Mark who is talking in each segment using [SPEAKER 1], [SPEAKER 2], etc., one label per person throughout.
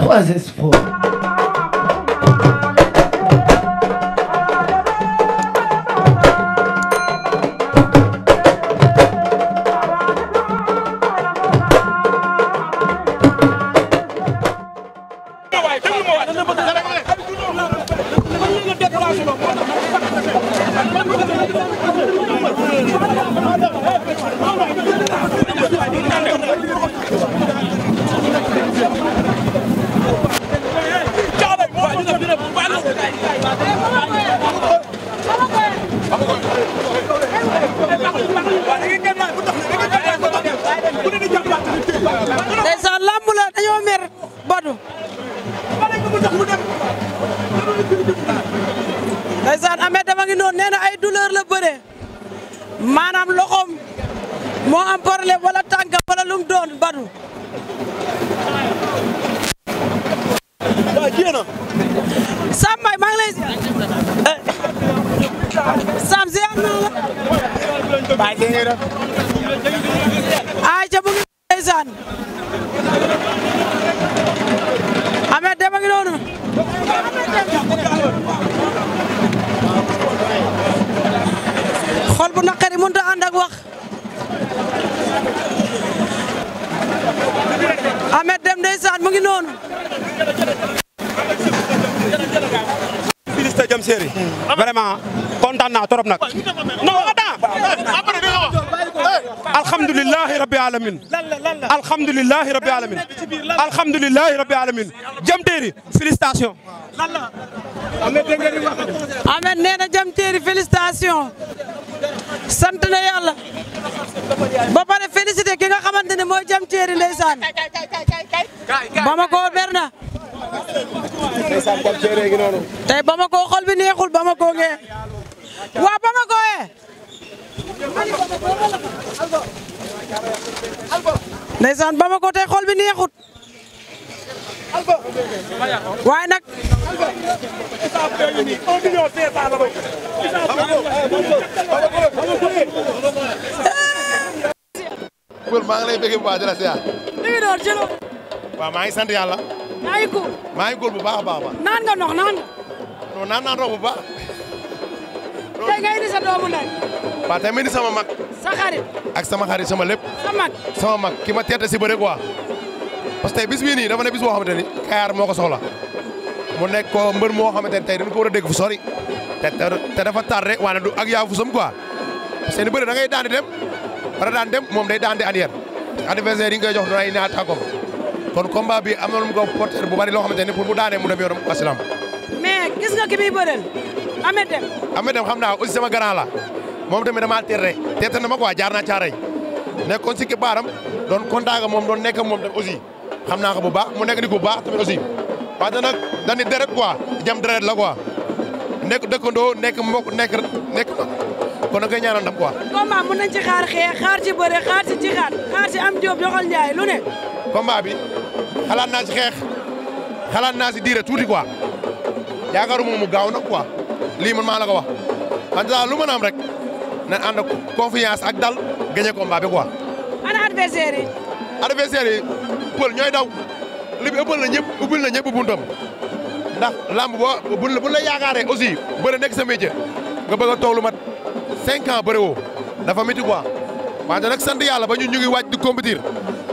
[SPEAKER 1] trois espoirs. moo am problème wala tànk wala lum doon badu Sam Mbaye maa ngi lay ziar eh, Sam ziar naa la baay dee ra ay ca bu ngi
[SPEAKER 2] vraiment kontaan naa trop nag. non attends. alhamdulilahi rabbi alamin alhamdulilahi rabbi alamin alhamdulilahi rabbi alamin jëm téeri félicitation
[SPEAKER 1] amen nee na jëm téeri félicitation ba pare félicité ki nga xamante ne mooy jëm téeri ndeysaan ba ma ko ber ndeysaan kon ko xol bi neexul Bamako ngee. waa Bamako ee. ndeysaan Bamako tey xol bi neexut. waaye nag.
[SPEAKER 3] maa ngi lay bëgg bu baax di la siyaar. waaw maa ngi sant yàlla. yaa ngi góor maa ngi góor bu baax a baax naan nga nox naan. non naan naan rob bu baax.
[SPEAKER 1] tey nga indi sa doomu ndey.
[SPEAKER 3] waaw tey ma indi sama mag. sa xarit. ak sama xarit sama lépp. sa mag sama mag ki ma teete si bëre quoi. parce que tey bis bii nii dafa ne bis xamante ni Kayar moo ko soxla mu nekk koo mbër moo xamante ni tey dañ ko war a dégg fu sori te te dafa tardé waane du ak yaa fu sam quoi parce que ni bëri da dem war a daan dem moom day daan di arrière adversaire yi nga koy jox doon ay naataangoom. kon combat bi am na lu mu ko porteur bu bari loo xamante ne pour bu daanee mu dem yoonam asilam. mais gis nga ki muy bëreel Ahmed Deme. Ahmed Deme xam naa aussi sama grand la moom deme damaa teel rek na ma quoi jaar naa caaray nekkoon si baaram doon kontaan ak moom doon nekk moom tam aussi xam naa ko bu baax mu nekk ni ku baax tamit aussi parce que nag dañuy deret jam deret la quoi nekk dëkkandoo nekk mbokk nekk nekk kon nag nga ñaanal ndam quoi. combat xaar xeex xalaat naa si xeex xalaat naa si diire tuuti quoi yaakaaruma mu gaaw nag quoi lii man maa la ko wax en tout cas lu mën a am ak dal gagné combat bi quoi. ana adversaire yi. adversaire yi pël ñooy daw li bi ëppal na ñëpp ubbil na ñëpp buntam ndax lamb boo buñ la buñ la yaakaaree aussi nekk sa métier nga bëgg a toog lu mat cinq ans bëri ba ñu ñu di compétir.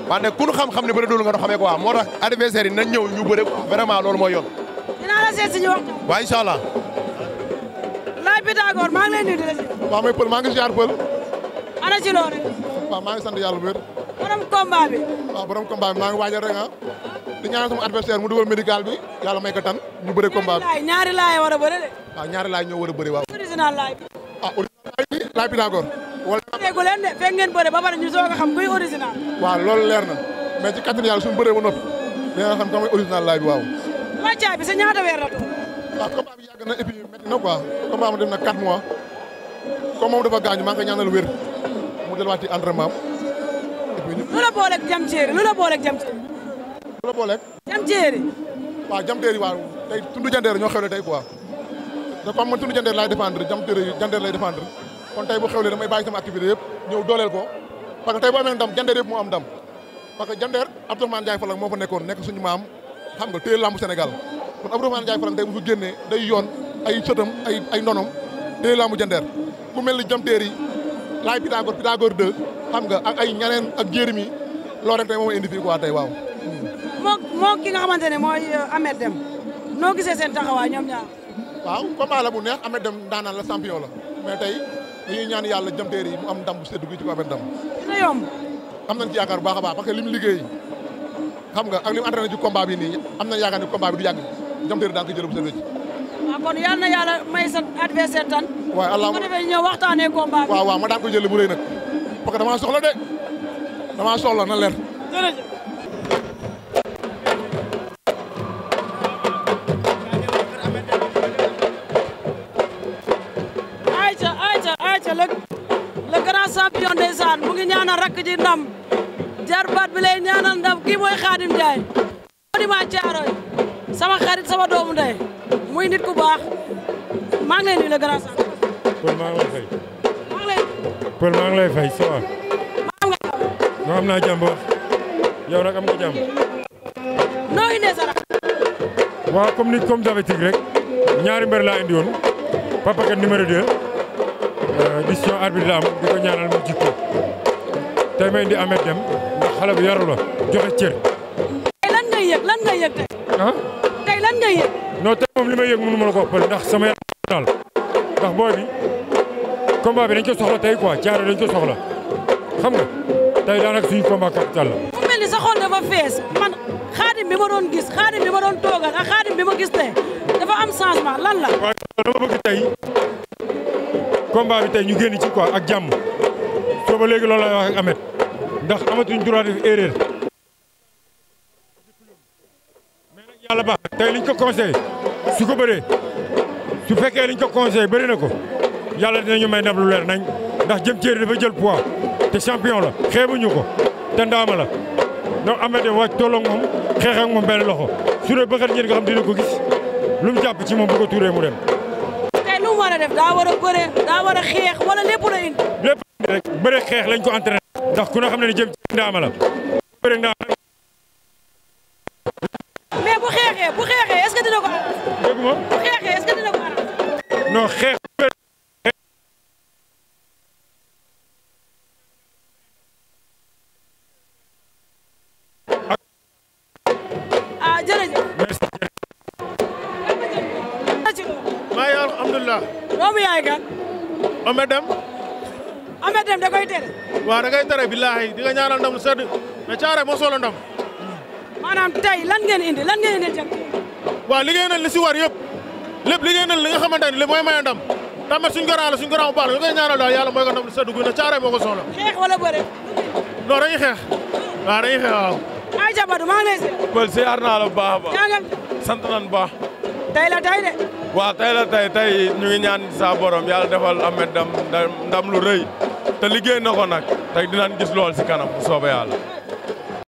[SPEAKER 3] wax ne ku xam-xam ne bëri dul nga no xamee ko waa moo tax adversaire yi nañ ñëw ñu bëri vraiment loolu mooy yoon
[SPEAKER 1] dinaa la seet si ñu wax
[SPEAKER 3] waaw incha
[SPEAKER 4] maa ngi lay di la si waaw mooy pël maa ngi ziar pël ana ci loolu waaw maa ngi sant yàlla bu wér borom combat bi maa ngi waajal rek ah di ñaanal sama adversaire mu dugal médical bi yàlla may ko tan ñu bëri combat bi ñaari laay war a bëri de waaw ñaari laay ñoo war a bëri waaw bi ah original wala tegu leen de fekk ngeen bëre ba pare ñu soog
[SPEAKER 1] a xam kuy original
[SPEAKER 4] waaw loolu leer na mais ci kattan yàlla suñu bëree ba noppi dina xam ka mooy original laay bi waaw
[SPEAKER 1] wàccaay bi sa ñaata weer yàgg
[SPEAKER 4] na et puis métti na quoi combat ma dem na 4 mois comme moom dafa gaañu maa ngi koy ñaanal wér mu delluwaati entraînement lu la booleeg jam téeri lu la booleeg jam téeri lu la booleeg jam téeri waaw jam téeri waaw tey tund jandeer ñoo xewle tey quoi da comme man tund jandeer laay défendre jam téeri jandeer lay défendre kon tey bu xewlee damay bàyyi sama activité yëpp ñëw dooleel ko parce que tey bu amee ndam jandeer yëpp moo am ndam parce que jandeer Abdourahmane Ndiaye Falang moo fa nekkoon nekk suñu maam xam nga téye lamb senegal kon Abdourahmane Ndiaye Falang tey bu fi génnee day ay sëtam ay ay ndonom téye lamb jandeer ku mel ni jamteer yi laay Pythagore Pythagore 2 xam nga ak ay ñaneen ak jérémi loolu rek tey moom indi fii quoi waaw moo ki nga xamante ne moo euh, Ahmed Deme noo gisee seen taxawaay waaw combat la bu neex Ahmed Deme daanaan la champion la mais tey dañuy ñaan yàlla jamteer yi mu am ndam bu seddu gi ci ko amee ndam am nañ ci yaakaar bu baax a baax parce que li mu liggéey xam nga ak li mu entraîné ci combat bi nii am nañ yaakaar ni combat bi du yàgg jamteer daal ko jël bu seddu ci
[SPEAKER 1] ah, waaw kon yal na yàlla may sa adversaire tan
[SPEAKER 4] waaw allah ko waaw waaw ma daan ko jël bu rëy nag parce que damaa soxla de damaa soxla na leer
[SPEAKER 1] champion ndeysaan mu ngi ñaanal rakk ji ndam jarbaat bi lay ñaanal ndam kii mooy Xaadim Njaay Modima Caaroy sama xarit sama doomu ndey muy nit ku baax maa ngi lay nuyu la Pël
[SPEAKER 2] maa ngi lay fay Pël naa jàmm wax yow nag am nga jàmm
[SPEAKER 1] noo indee sa rakk
[SPEAKER 2] waaw comme nit comme d'habitude rek ñaari mbër laa indi woon Papa Kane numéro 2 décision euh, arbitre la am di ko ñaanal mu jikko tey may indi ndax xale bu joxe cër.
[SPEAKER 1] tey lan ngay yëg lan ngay yëg tey. ah. tey lan ngay yëg.
[SPEAKER 2] non tey moom li may yëg mënu ma la ko ëppal ndax sama yaram ndax booy bi combat bi dañ ko soxla tey quoi jaaro xam nga tey daanaka suñu combat capital la. mu
[SPEAKER 1] mel ni sa xol dafa fees man xaadim bi ma doon gis xaadim bi ma doon toogal ak xaadim bi ma gis tey dafa am changement lan
[SPEAKER 2] la. combat bi tey ñu génn ci quoi ak jàmm soo ba léegi loolu lay wax ak Amet ndax amatuñ droit def erreur. mais nag yàlla ba tey liñ ko conseillé su ko bëree su fekkee liñ ko conseillé bëri na ko yàlla dinañu may ndab lu leer nañ ndax jëm ceeri dafa jël poids te champion la xeebuñu ko te ndaama la donc Amet de wàcc tolloo moom xeex ak moom benn loxo su dee bëggat ngeen nga xam ko gis lu mu jàpp ci moom bu ko tuuree mu dem.
[SPEAKER 1] a def daa war a bëre daa war xeex wala lépp la
[SPEAKER 2] indi. xeex lañ ko entraîné. ndax ku ne ne jëm ci ndaama la. bëre ndaama la.
[SPEAKER 1] mais bu xeexee bu bu xeexee est-ce que dina ko
[SPEAKER 2] arrangé. non xeex.
[SPEAKER 4] Ometh Deme. Ometh Deme da koy tere. waaw da koy tere billaahi di nga ñaanal ndam lu sedd mais caare moo soxla ndam. maanaam tey lan ngeen indi lan ngeen indi jëm. waaw liggéey nañ li si war yëpp lépp liggéey li nga xamante li mooy may ndam tamit suñu garaan la suñu garaan bu baax la nga koy ñaanal daal yàlla mooy ko ndam lu sedd guy na caare moo ko soxla. xeex wala bëre. non dañuy xeex.
[SPEAKER 2] waaw dañuy xeex waaw.
[SPEAKER 4] ay jabadu maa ngi lay seet.
[SPEAKER 2] Pël si aar naa la bu baax a sant nañ bu baax. tey la tey de. waaw tey la tey ñu ngi ñaan sa borom yàlla defal Ameth Deme ndam lu rëy te liggéey na ko nag tey dinañ gis lool si kanam bu soobee yàlla.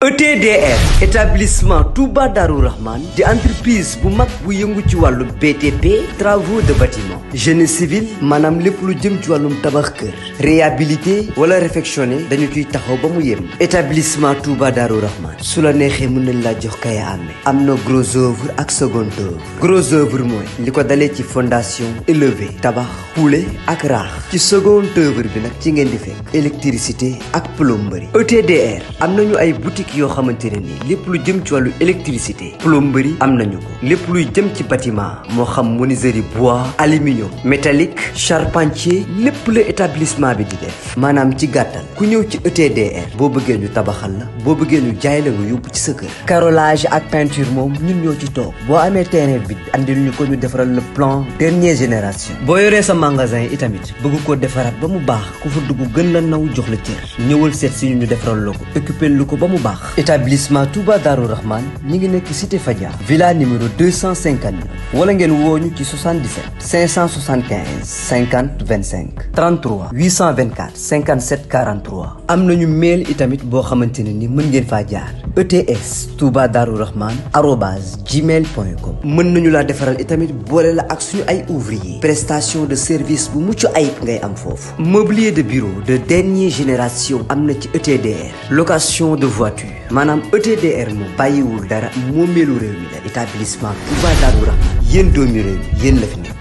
[SPEAKER 5] ETDR établissement Touba Darou Rahman di entreprise bu mag bu yëngu ci wàllu BTP travaux de bâtiment génie civil maanaam lépp lu jëm ci wàllum tabax kër réhabilité wala réfectionné dañu ciy taxaw ba mu yem établissement Touba Darou Rahman su la neexee mën nañ laa jox kay amee am na gros œuvre ak second œuvre gros œuvre mooy li ko dalee ci fondation élevé tabax xuule ak raax ci second œuvre bi nag ci ngeen di fekk électricité ak plomberie ETDR am nañu ay boutique yoo xamante ne nii lépp lu jëm ci wàllu électricité plomberie am nañu ko lépp luy jëm ci bâtiment moo xam menuiserie bois aluminium métallique charpentier lépp la établissement bi di def maanaam ci gàttal ku ñëw ci ETDR boo bëggee ñu tabaxal la boo bëggee ñu jaay la nga yóbbu ci sa kër carrelage ak peinture moom ñun ñoo ci toog boo amee terrain bi andil ñu ko ñu defaral le plan dernière génération boo yoree sa magasin itamit bëgg koo defaraat ba mu baax ku fa dugg gën la naw jox la cër ñëwal seet si ñu defaral la ko occupé ko ba mu baax baax établissement Touba Darou Rahman ñi ngi nekk cité Fadia villa numéro 259 wala ngeen wooñu ci 77 575 50 25 33 824 57 43 am nañu mail itamit boo xamante ne ni mën ngeen faa jaar ets Touba Darou Rahman arobase gmail point com mën nañu laa defaral itamit boole la ak suñu ay ouvrier prestation de service bu mucc ay ngay am foofu mobilier de bureau de dernière génération am na ci ETDR location de voiture maanaam ETDR moom bàyyiwul dara moomeelu réew mi la établissement Touba Darou Rahman yéen doomi réew mi yéen la fi nekk